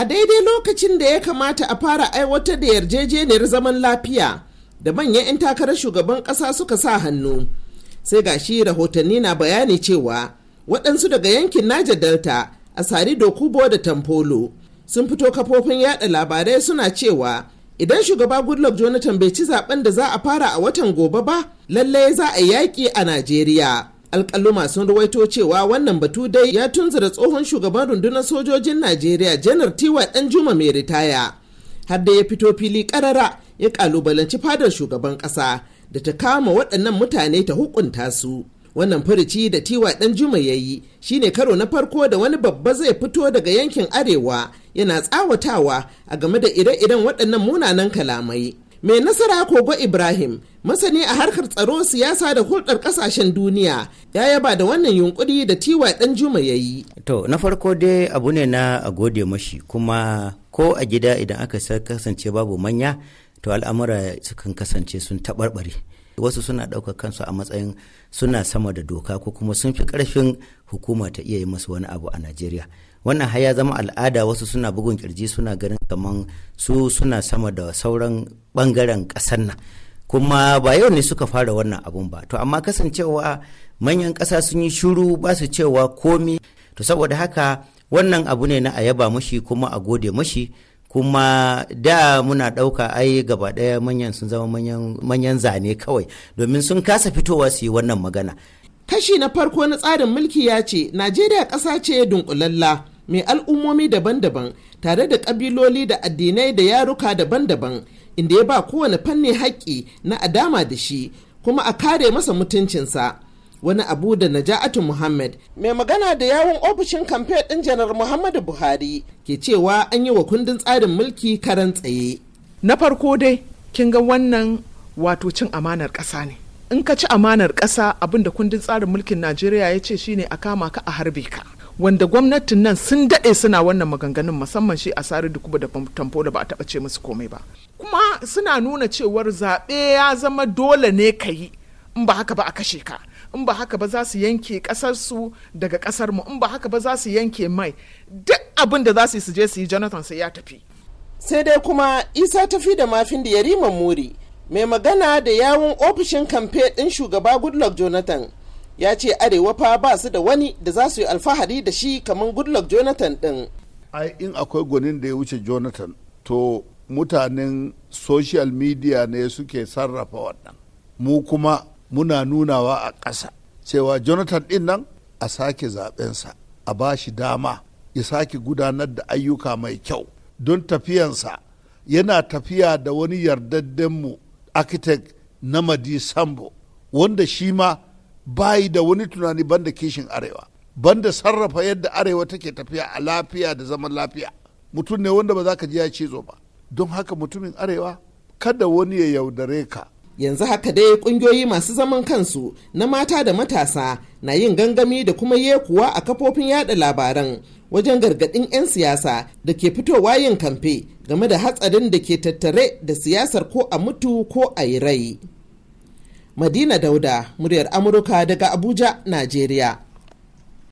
a daidai lokacin da ya kamata a fara aiwatar da yarjejeniyar zaman lafiya da manyan 'yan takarar shugaban ƙasa suka sa hannu sai ga shi rahotanni na bayani cewa waɗansu daga yankin naja delta a sari dokubo da tamfolo sun fito kafofin yada labarai suna cewa idan shugaba goodluck jonathan bai ci zaben da za a fara a watan gobe ba lallai za a yi yaƙi a najeriya alƙaluma sun ruwaito cewa wannan batu dai ya tunzura tsohon shugaban rundunar sojojin najeriya janar tiwa dan juma mai ritaya har da ya fito fili ƙarara ya ƙalubalanci fadar shugaban ƙasa da ta kama waɗannan mutane ta hukunta su wannan furici da tiwa dan juma ya yi shine karo na farko da wani babba zai fito daga yankin arewa yana tsawatawa a game da ire-iren waɗannan munanan kalamai mai nasara kogo ibrahim masani a harkar tsaro siyasa da hulɗar ƙasashen duniya ya yaba da wannan yunkuri da tiwa ɗan juma ya yi to na farko dai abu ne na a gode mashi kuma ko a gida idan aka kasance babu manya to al'amura sukan kasance sun taɓarɓare wasu suna ɗaukar kansu a matsayin suna sama da doka ko kuma sun fi ƙarfin hukuma ta iya yi masu wani abu a najeriya wannan har ya zama al'ada wasu suna bugun kirji suna ganin kamar su suna sama da sauran ɓangaren ƙasar nan kuma ba yau ne suka fara wannan abun ba to amma kasancewa manyan ƙasa sun yi shiru ba su cewa komi to saboda haka wannan abu ne na a yaba mashi kuma a gode mashi kuma da muna ɗauka ai gaba ɗaya manyan sun zama manyan zane kawai domin sun kasa fitowa su yi wannan magana kashi na farko na tsarin mulki ya ce najeriya ƙasa ce dunkulalla mai al'ummomi daban-daban tare da ƙabiloli da addinai da yaruka daban-daban inda ya ba kowane fanni haƙƙi na adama da shi kuma a kare masa mutuncinsa wani abu da naja'atu muhammad mai magana da yawon ofishin kamfe ɗin janar muhammadu buhari ke cewa an yi wa kundin tsarin mulki karan tsaye na farko dai kin ga wannan wato cin amanar ƙasa ne in ka ci amanar ƙasa abin da kundin tsarin mulkin najeriya ya ce shine a kama ka a harbe ka wanda gwamnatin nan sun daɗe suna wannan maganganun musamman shi a sari da kuma da tamfo da ba a taɓa ce musu komai ba kuma suna nuna cewar zaɓe ya zama dole ne ka yi in ba haka ba a kashe ka in ba haka ba za su yanke kasarsu daga kasar mu in ba haka ba za su yanke mai duk abin da za su yi su yi jonathan sai ya tafi sai dai kuma isa tafi da mafin da yarima muri mai magana da yawun ofishin kamfe din shugaba goodluck jonathan ya ce arewa fa ba su da wani da za su yi alfahari da shi kamar goodluck jonathan din. ai in akwai gwanin da ya wuce jonathan to mutanen social media ne suke sarrafa wannan mu kuma muna nunawa a ƙasa cewa jonathan ɗin nan a sake zaɓensa a ba shi dama ya sake gudanar da ayyuka mai kyau don tafiyansa yana tafiya da wani yardaddenmu architect na madi sambo wanda shi ma bayi da wani tunani banda kishin arewa banda sarrafa yadda arewa take tafiya a lafiya da zaman lafiya mutum ne wanda ba za ka ji ya cizo ba don haka mutumin arewa kada wani ya yaudare ka yanzu haka dai kungiyoyi masu zaman kansu na mata da matasa na yin gangami da kuma yekuwa a kafofin yada labaran wajen gargadin 'yan siyasa da ke fitowa yin kamfe game da hatsarin da ke tattare da siyasar ko a mutu ko a yi rai madina dauda muryar amurka daga abuja najeriya